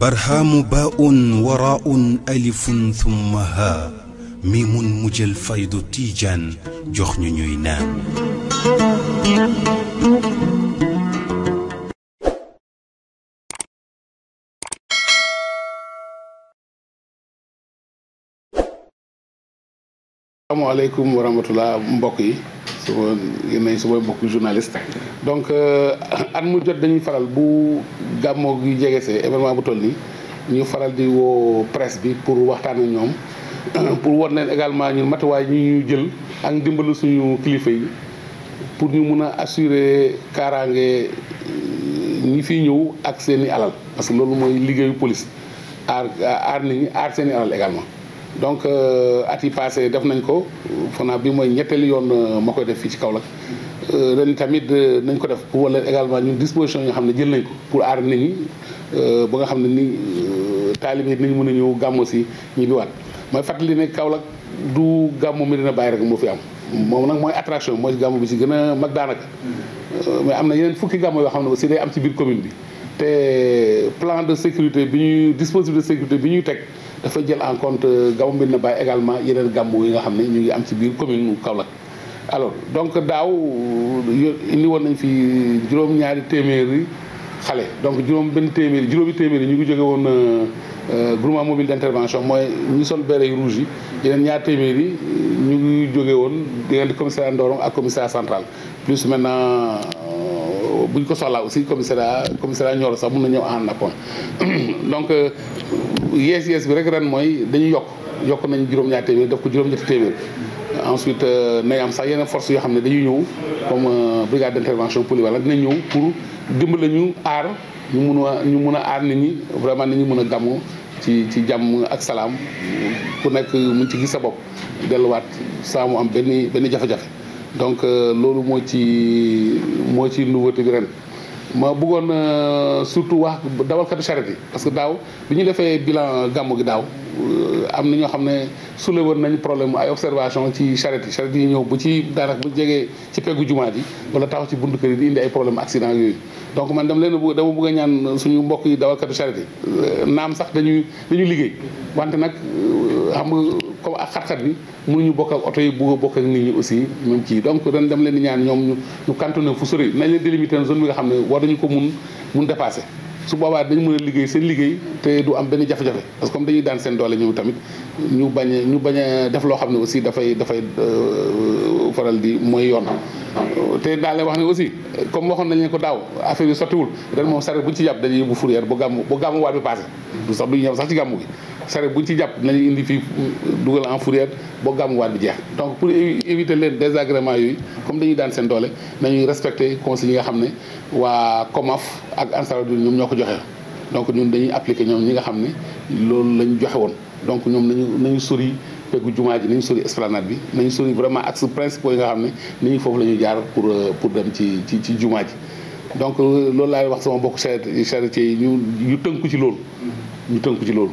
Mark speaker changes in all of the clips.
Speaker 1: barhaamu baaun waraaun alifun thumma haa mi mun mujjal faydu tiijaan jox ñu ñuy
Speaker 2: mbokk yi. suma yenn sumay donc euh, at mu jot dañuy faral bu gàmmoo gi jege événement bu toll nii ñu faral di woo presse bi pour waxtaan ak ñoom pour won leen également ñun matuwaay ñu ñu jël ak ndimbalu suñu kilifa yi pour ñu mun a assurer kaaraange euh, ñi fi ñëw ak seeni alal parce que loolu mooy liggéeyu police aar aar nit ñi aar seen alal également donc euh, at yi passé def nañ ko fanaa bi mooy ñetteelu yoon euh, moo koy def fii ci Kaolack euh, ren tamit nañ ko def pour wala également ñun disposition yi nga xam ne jël nañ ko pour aar nit ñi ba nga xam ne ni taalibe nit ñi mën a ñëw gàmmu si ñibbiwaat mooy li ne Kaolack du gàmmu Medina bàyyi rek moo fi am moom nag mooy attraction mooy gàmmu bi si gën a mag daanaka mais am na yeneen fukki gàmmu yoo xam ne aussi day am ci biir commune bi te plan de sécurité bi ñuy dispositif de sécurité bi ñuy teg dafa jël en compte euh, gaw mbir na bàyyi également yeneen gàmmu yi nga xam ne ñu ngi am ci biir commune Kaolack alors donc daaw indi woon nañ fi juróom-ñaari téeméeri xale donc juróom benn téeméeri juróomi téeméeri ñu ngi jóge woon euh, euh, groupement mobile d' intervention mooy ñu sol béret yu rouge yi yeneen ñaar téeméeri ñu ngi jóge woon diggante commissariat Ndorong ak commissariat central plus maintenant bu ñu ko soxlaa aussi commissariat commissariat Nioro sax mun na ñëw a appoint donc euh, yees yees bi rek ren mooy dañu yokk yokk nañ juróom-ñaar téeméer def ko juróom-ñetti téeméer ensuite euh, nay am sax yeneen force yoo xam ne dañuy ñëw comme euh, brigade d'intervention polyvalente dinañ ñëw pour dimbali ñu aar ñu mun a ñu mun a aar nit ñi vraiment nit ñi mun a gàmmu ci ci jàmm ak salaam ku nekk ngi ci gis sa bopp delluwaat saa mu am benn benn jafe-jafe donc euh, loolu moo ci moo ci nouveauté bi ma bëggoon euh, surtout wax dawalkatu charrette yi parce que daaw bi ñu defee bilan gàmmu gi daaw euh, am na ñoo xam ne soulever nañu problème ay observation ci charrette yi charrette yi ñëw bu ci daanaka bu jegee ci peggu jumaa ji wala taxaw ci buntu kër yi di indi ay problème accident yooyu donc man dama leen dama bëgg a ñaan suñu mbokk yi dawalkatu charrette yi naam sax dañuy dañu liggéey wante nag xam comme ak xat-xat bi mënuñu bokk ak oto yi bugg a bokk nit ñi aussi même kii donc ren dem leen di ñaan ñoom ñu ñu cantonné fu sori nañ leen délimité ne war nañu ko mun mun dépassé su boobaa dañu mën a liggéey seen liggéey te du am benn jafe parce que dañuy daan seen doole ñoom tamit ñu bañ ñu bañ a def loo xam ne aussi dafay dafay euh, faral di mooy yoon te daal wax ne aussi comme waxoon nañ leen ko daaw affaire yi sottiwul ren moom saret bu ñu ci yàpp dañuy yóbbu fourrière ba gàmmu ba gàmmu waat bi passé du sax duñu ñëw sax ci gàmmu gi saret buñ ci japp nañu indi fi euh, dugal en fourrière gam gàmmuwaat bi jeex donc pour éviter les désagréments yooyu comme dañuy daan sen doole nañuy respecter consignes yi nga xamné wa COMAF ak Ansaroudine ñoom ñoko ko joxe donc ñun dañuy appliquer ñom ñi nga xamné loolu lañu joxe woon donc ñom nañu nañu sori peggu juma ji nañu sori esplanade bi nañu sori vraiment axes principaux yi nga xamné ne nit ñi foofu la jaar pour euh, pour dem ci ci ci jumaa ji donc euh, loolu lay wax sama mbokk charretier yi ñu ñu tënku ci loolu ñu tënku ci loolu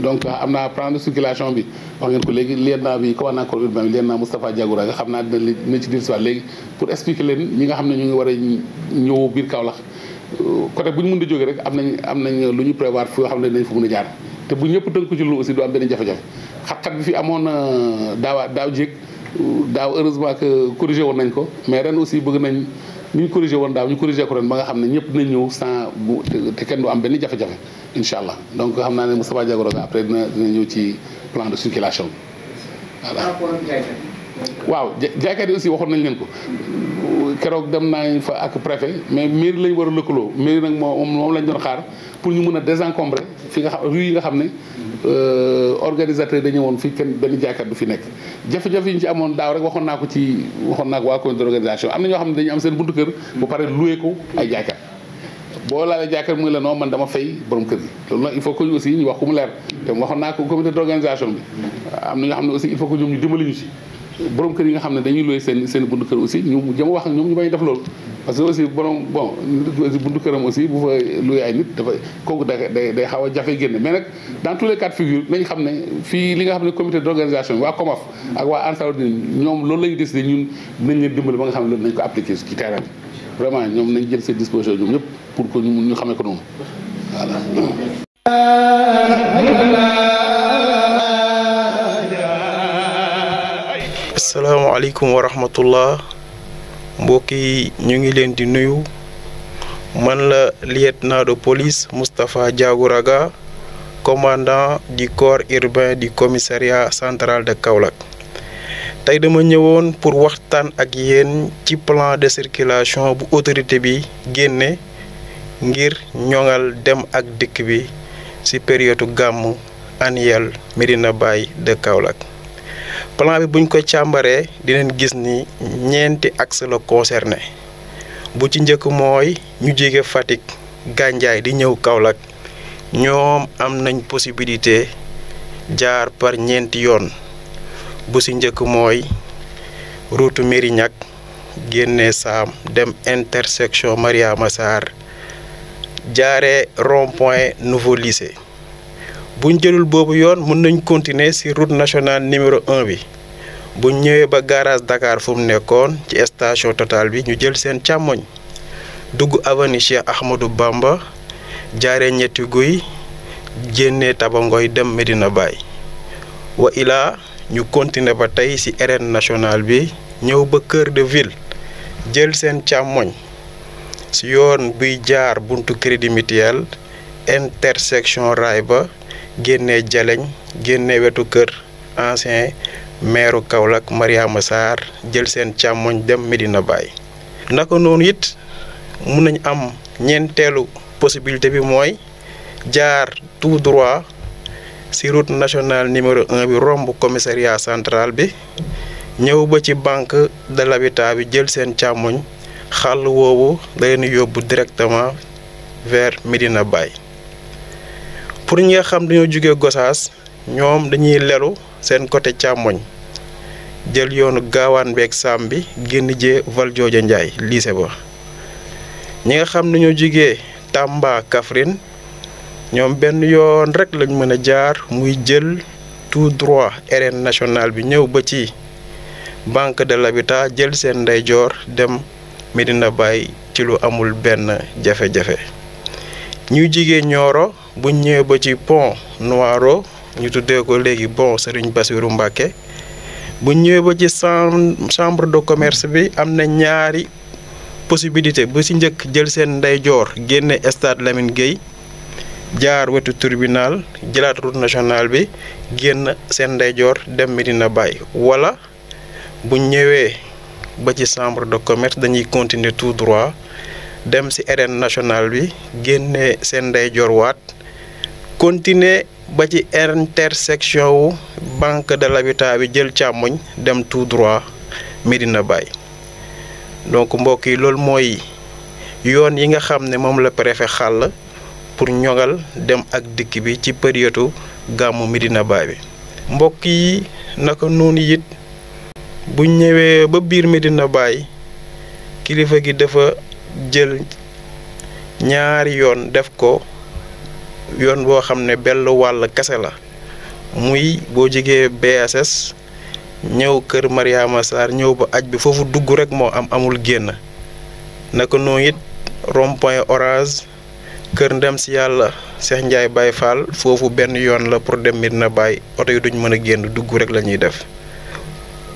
Speaker 2: donc euh, am naa plan de circulation bi wax ngeen ko léegi leen naa bi commandant corps urbain bi leen naa Moustapha Diagoura nga xam naa dina dina ci dellusiwaat léegi pour expliquer leen ñi nga xam ne ñu ngi war a ñëw biir Kaolack euh, côté bu ñu mun di jógee rek am nañ am nañ lu ñu prévoir fu yoo xam ne dañ fa mën a jaar te bu ñëpp tënku ci lu aussi du am benn jafe-jafe xat-xat bi fi amoon euh, daawa daaw jéeg daaw heureusement que corrigé woon nañ ko mais ren aussi bëgg nañ ni ñu corrigé woon daaw ñu corrigé ko ren ba nga xam ne ñëpp dinañ ñëw sans te kenn du am benn jafe-jafe incha allah donc xam naa ne Moustapha Diago Roga après dina dina ñëw ci plan de circulation voilà. waaw jaaykat yi aussi waxoon nañ leen ko. keroog dem naa fa ak préfet mais mairie lañ war a lëkkaloo mairie nag moom moom lañ doon xaar pour ñu mën a désencombrer fi nga xam yi nga xam ne euh, organisateur dañu woon fi kenn benn jaaykat du fi nekk jafe-jafe yi ñu ci amoon daaw rek waxoon naa ko ci waxoon naa ko waa comité d'organisation am na ñoo xam ne dañu am seen bu pare loué ko ay jaaykat la non man dama fay borom kër il faut que ñu aussi ñu wax ku mu leer te waxoon naa ko xam ne aussi il faut que ñu si borom kër yi nga xam ne dañuy loué seen seen buntu kër aussi ñu jëm wax ak def loolu parce que aussi borom bon nit buntu këram aussi bu fa loué ay nit dafa kooku day day xaw a jafe génne mais nag dans tous les cas de nañ xam ne fii li nga xam ne comité d' organisation waa COMAF ak waa Ansaroudine ñoom loolu la ñu décidé ñun nañ leen dimbali ba nga xam ne loolu nañ ko appliqué ci terrain bi vraiment ñoom nañ jël seen disposition ñëpp pour que ñu ñu
Speaker 1: asalaamaaleykum warahmatullah. rahmatullah mbokk yi ñu ngi leen di nuyu man la lieutenant de police Moustapha Diagouraga commandant du corps urbain du commissariat central de Kaolack tey dama ñëwoon pour waxtaan ak yéen ci plan de circulation bu autorité bi génne ngir ñoŋal dem ak dikk bi gamu période gàmmu annuel Medina Baye de Kaolack plan bi buñ ko càmbaree dinañ gis ni ñeenti axe la concerné bu ci njëkk mooy ñu jóge Fatick Gandiaye di ñëw Kaolack ñoom am nañ possibilité jaar par ñeenti yoon bu ci njëkk mooy route Mérignac génne saam dem intersection Mariama Sarr jaaree rond-point nouveau lycée buñ jëlul boobu yoon mën nañ continuer ci route nationale numéro 1 bi bu ñëwee ba garage Dakar fu nekkoon ci station Total bi ñu jël seen càmmoñ dugg avenue Cheikh Bamba jaare ñetti guy jénnee tabangoy dem Medina Baye wa ilaa ñu continuer ba tey ci RN nationale bi ñëw ba cœur de ville jël seen càmmoñ ci yoon buy jaar buntu crédit mutuel intersection raay ba génnee Jaleñ génnee wetu kër ancien maire Kaolack Mariama Sarr jël seen càmmooñ dem Medina Baye. naka noonu it mun nañu am ñeenteelu possibilité bi mooy jaar tout droit ci route nationale numéro un bi romb commissariat centrale bi ñëw ba ci banque de l'habitat bi jël seen càmmoñ xàll woowu da leen yóbbu directement vers Medina Baye. pour ñi nga xam dañoo jóge Gosaas ñoom dañuy lelu seen côté càmmoñ jël yoonu gaawaan beeg saam bi génn jee Valdiodio Ndiaye lycée ba ñi nga xam dañoo jóge Tamba Kaffrine ñoom benn yoon rek lañ mën a jaar muy jël tout droit RN national bi ñëw ba ci banque de l'habitat jël seen ndeyjoor dem Medina Baye ci lu amul benn jafe-jafe ñuy jigee Nioro bu ñëwee ba ci pont Noiro ñu tuddee ko léegi bon Serigne Bassirou Mbacké bu ñëwee ba ci chambre de commerce bi am na ñaari possibilité bu ci njëkk jël seen ndeyjoor génne stade Lamine Gueye jaar wetu tribunal jëlaat route nationale bi génn seen ndeyjoor dem Medina Baye wala bu ñëwee ba ci chambre de commerce dañuy continuer tout droit dem ci arène nationale bi génne seen ndeyjoor waat continuer ba ci intersection wu banque de l'habitat bi jël càmmoñ dem tout droit Médina Baye donc mbokk yi loolu mooy yoon yi nga xam ne moom la préfet xàll pour ñogal dem ak dikk bi ci période gàmmu Médina Baye bi mbokk yi naka noonu it bu ñëwee ba biir Médina Baye kilifa gi dafa jël ñaari yoon def ko yoon boo xam ne bell wàll kese la muy boo jegee BSS ñëw kër Mariama Sarr ñëw ba aj bi foofu dugg rek moo am amul génn naka noonu it rond-point Orange kër ndem si yàlla Cheikh Ndiaye Baye Fall foofu benn yoon la pour dem Medina Baye oto yi duñ mën a génn dugg rek la ñuy def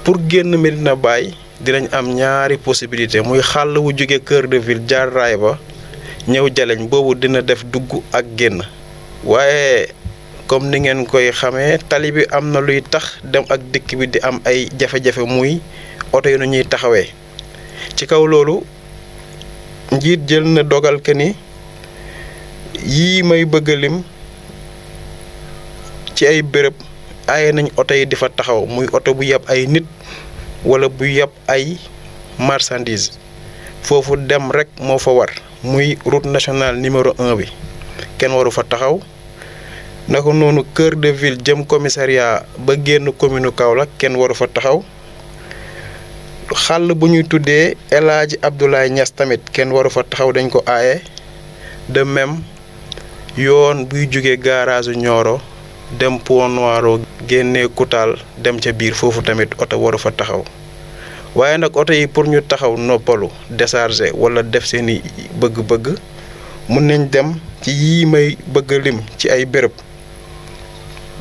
Speaker 1: pour génn Medina Baye dinañ am ñaari possibilité muy xàll wu jóge cœur de ville jaar ba ñëw jaleñ boobu dina def dugg ak génn waaye comme ni ngeen koy xamee tali bi am na luy tax dem ak dikk bi di am ay jafe-jafe muy oto yi nañuy taxawee ci kaw loolu njiit jël na dogal ke ni yii may bëgg lim ci ay bërëb aaye nañ oto yi di fa taxaw muy oto bu yàpp ay nit wala bu yàpp ay marchandise foofu dem rekk moo fa war muy route national numéro 1 bi kenn waru fa taxaw naka noonu cœur de ville jëm commissariat ba génn commune Kaolack kenn waru fa taxaw xàll bu ñuy tuddee El Hadj Abdoulaye tamit kenn waru fa taxaw dañu ko aaye de yoon buy jóge garage Nioro dem Pont Noiro génnee Koutal dem ca biir foofu tamit oto waru fa taxaw waaye nag oto yi pour ñu taxaw noppalu décharger wala def seeni bëgg-bëgg mun nañ dem ci yii may bëgg lim ci ay béréb.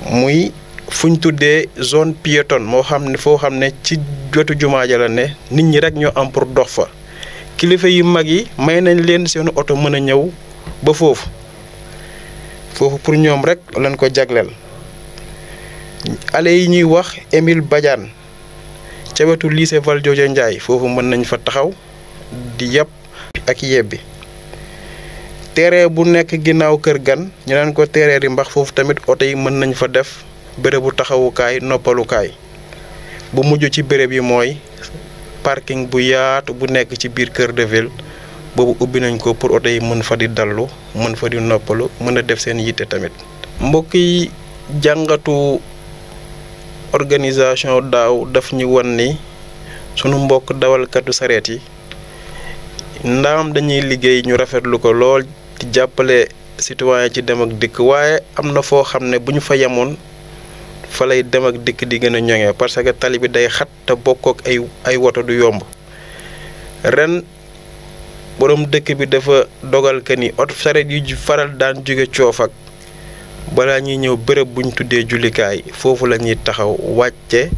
Speaker 1: muy fu ñu tuddee zone piétonne moo xam ne foo xam ne ci jotu jumaa ja la ne nit ñi rek ñoo am pour dox fa kilifa yu mag yi may nañ leen seen oto mën a ñëw ba foofu foofu pour ñoom rek lañ ko jagleel ale yi ñuy wax Émile Badiane ca wetu lycée Valdiodio Ndiaye foofu mën nañ fa taxaw di yàpp ak yebbi terrain bu nekk ginnaaw kër gan ñu naan ko terrain yi mbax foofu tamit oto mën nañ fa def bérébu taxawukaay noppalukaay bu mujj ci béréb yi mooy parking bu yaatu bu nekk ci biir kër de Ville boobu ubbi nañ ko pour oto mën fa di dallu mën fa di noppalu mën a def seen yitte tamit. mbokk yi jàngatu organisation daaw daf ñu wan ni sunu mbokk dawalkatu sareet yi ndaam dañuy liggéey ñu rafetlu ko lool. di jàppale citoyen ci dem ak dikk waaye am na foo xam ne bu ñu fa yemoon fa lay dem ak dikk di gën a ñoŋee parce que tali bi day xat te bokk ak ay woto du yomb ren boroom dëkk bi dafa dogal que ni oto sareet yu faral daan jóge coof ak ñuy ñëw bërëb bu ñu tuddee jullikaay foofu la ñuy taxaw wàcce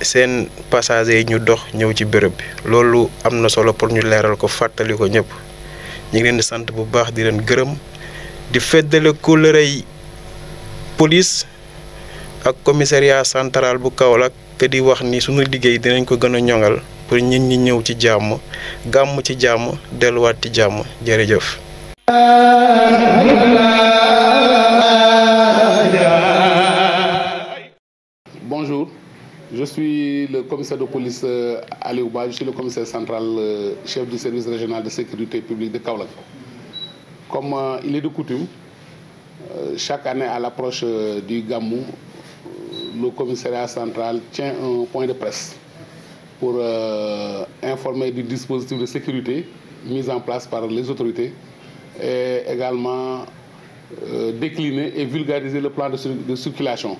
Speaker 1: seen passagers yi ñu dox ñëw ci bërëb bi loolu am na solo pour ñu leeral ko fàttali ko ñëpp. ñu ngi leen di sant bu baax di leen gërëm di feddale kóllërey polis ak commissariat centrale bu Kaolack te di wax ni suñu liggéey dinañ ko gën a ñoŋal pour ñit ñi ñëw ci jàmm gàmm ci jàmm delluwaat ci jàmm jërëjëf
Speaker 2: Je suis le commissaire de police euh, à je suis le commissaire central euh, chef du service régional de sécurité publique de Kaolak. Comme euh, il est de coutume, euh, chaque année à l'approche du Gamou, le commissariat central tient un point de presse pour informer du dispositif de sécurité mis en place par les autorités et également décliner et vulgariser le plan de circulation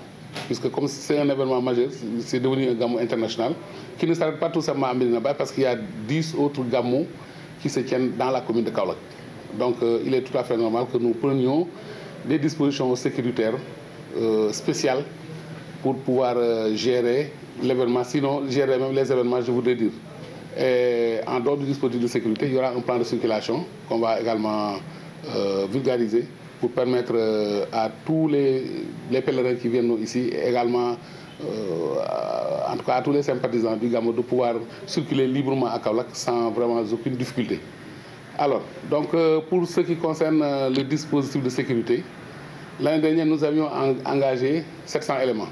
Speaker 2: puisque comme c'est un événement majeur, c'est devenu un gamin international, qui ne s'arrête pas tout simplement à Médina parce qu'il y a 10 autres gamous qui se tiennent dans la commune de Kaolak. Donc euh, il est tout à fait normal que nous prenions des dispositions sécuritaires euh, spéciales pour pouvoir euh, gérer l'événement, sinon gérer même les événements, je voudrais dire. Et en dehors du dispositif de sécurité, il y aura un plan de circulation qu'on va également vulgariser pour permettre euh, à tous les, pèlerins qui viennent ici, également euh, à tous les sympathisants du Gamo de pouvoir circuler librement à Kaolack sans vraiment aucune difficulté. Alors, donc euh, pour ce qui concerne le dispositif de sécurité, l'année dernière nous avions engagé 700 éléments.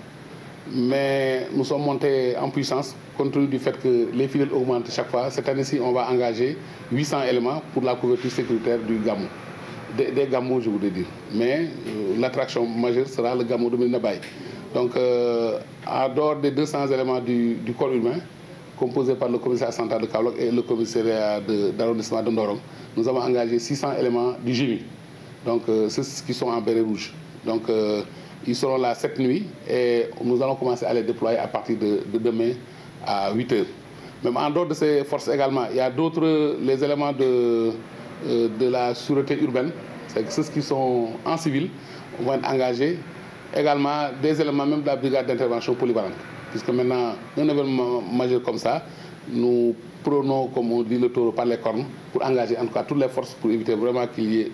Speaker 2: Mais nous sommes montés en puissance compte tenu du fait que les fidèles augmentent chaque fois. Cette année-ci, on va engager 800 éléments pour la couverture sécuritaire du Gamo des, des je voudrais dire. Mais euh, l'attraction majeure sera le gamot de Bay. Donc, euh, en dehors des 200 éléments du, corps humain, composés par le commissaire central de Kaolok et le commissariat d'arrondissement de, de nous avons engagé 600 éléments du GMI, donc euh, ceux qui sont en béret rouge. Donc, ils seront là cette nuit et nous allons commencer à les déployer à partir de, de demain à 8 h. Même en dehors de ces forces également, il y a d'autres les éléments de, euh, de la sûreté urbaine, c'est que ceux qui sont en civil vont être engagés. Également des éléments même de la brigade d'intervention polyvalente. Puisque maintenant, un événement majeur comme ça, nous prenons, comme on dit, le tour par les cornes pour engager en tout cas toutes les forces pour éviter vraiment qu'il n'y ait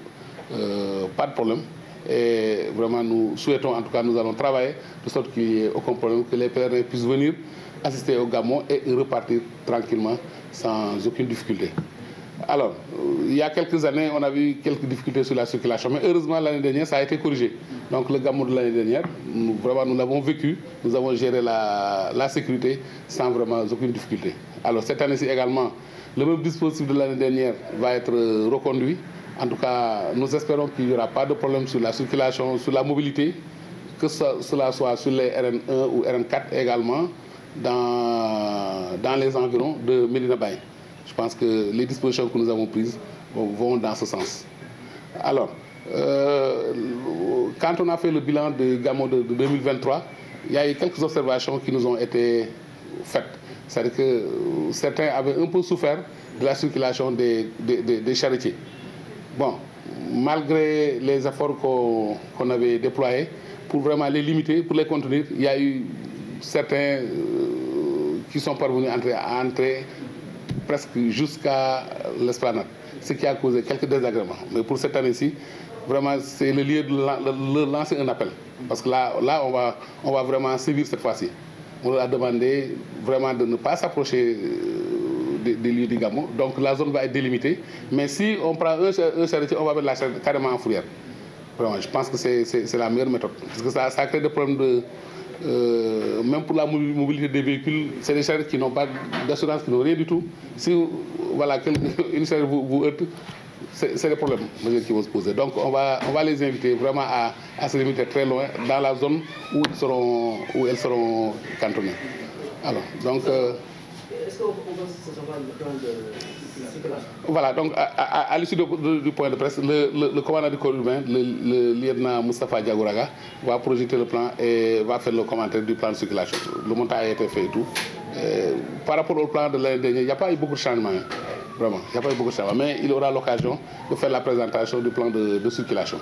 Speaker 2: euh, pas de problème. Et vraiment, nous souhaitons, en tout cas, nous allons travailler de sorte qu'il n'y ait aucun problème, que les pères puissent venir assister au Gamon et repartir tranquillement sans aucune difficulté. Alors, euh, il y a quelques années, on a eu quelques difficultés sur la circulation, mais heureusement, l'année dernière, ça a été corrigé. Donc, le gamme de l'année dernière, nous, vraiment, nous l'avons vécu, nous avons géré la, sécurité sans vraiment aucune difficulté. Alors, cette année-ci également, le même dispositif de l'année dernière va être euh, reconduit. En tout cas, nous espérons qu'il n'y aura pas de problème sur la circulation, sur la mobilité, que cela soit sur les RN1 ou RN4 également, dans, les environs de Medina Bay. Je pense que les dispositions que nous avons prises vont dans ce sens. Alors, euh, quand on a fait le bilan de Gamo de, 2023, il y a eu quelques observations qui nous ont été faites. C'est-à-dire que euh, certains avaient un peu souffert de la circulation des, charitiers. Bon, malgré les efforts qu'on avait déployés pour vraiment les limiter, pour les contenir, il y a eu certains euh, qui sont parvenus à entrer presque jusqu'à l'esplanade, ce qui a causé quelques désagréments. Mais pour cette année-ci, vraiment, c'est le lieu de, lancer un appel. Parce que là, là on, va, on va vraiment suivre cette fois-ci. On leur a demandé vraiment de ne pas s'approcher euh, des, lieux du Gamon. Donc la zone va être délimitée. Mais si on prend un, un on va mettre la carrément en fourrière. Vraiment, je pense que c'est la meilleure méthode. Parce que ça, ça crée des problèmes de euh, même pour la mobilité des véhicules, c'est des chères qui n'ont pas d'assurance, qui n'ont rien du tout. Si voilà, une vous, heurte, c'est le problème qui vont se poser. Donc on va, on va les inviter vraiment à, se limiter très loin dans la zone où, seront, où elles seront cantonnées. Alors, donc... Euh, Est-ce qu'on pense que ça va le de... Voilà, donc à, l'issue du point de presse, le, commandant du corps le, lieutenant Moustapha Diagouraga, va projeter le plan et va faire le commentaire du plan de circulation. Le montage a été fait et tout. Euh, par rapport au plan de l'année dernière, il n'y a pas eu beaucoup de changements. Hein. Vraiment, il n'y a pas eu beaucoup de changements. Mais il aura l'occasion de faire la présentation du plan de circulation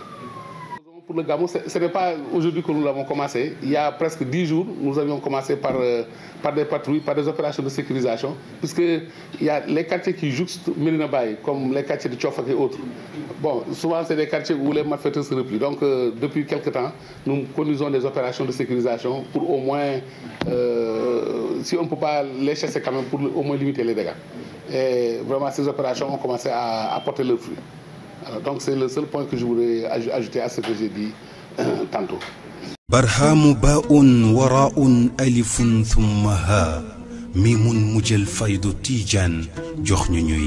Speaker 2: pour le Gabon, ce, n'est pas aujourd'hui que nous l'avons commencé. Il y a presque dix jours, nous avions commencé par, euh, des patrouilles, par des opérations de sécurisation, puisque il y a les quartiers qui jouxtent Baye, comme les quartiers de Tchofak et autres. Bon, souvent, c'est des quartiers où les malfaiteurs se replient. Donc, euh, depuis quelques temps, nous conduisons des opérations de sécurisation pour au moins, euh, si on ne peut pas les chasser quand même, pour au moins limiter les dégâts. Et vraiment, ces opérations ont commencé à porter leurs fruits. Euh, donc c'est le seul point que je voulais ajouter à ce que j'ai dit euh,
Speaker 1: tantôt. barhamu baun waraun alifun thumma ha mimun mujël faydu tijan jox ñu ñuy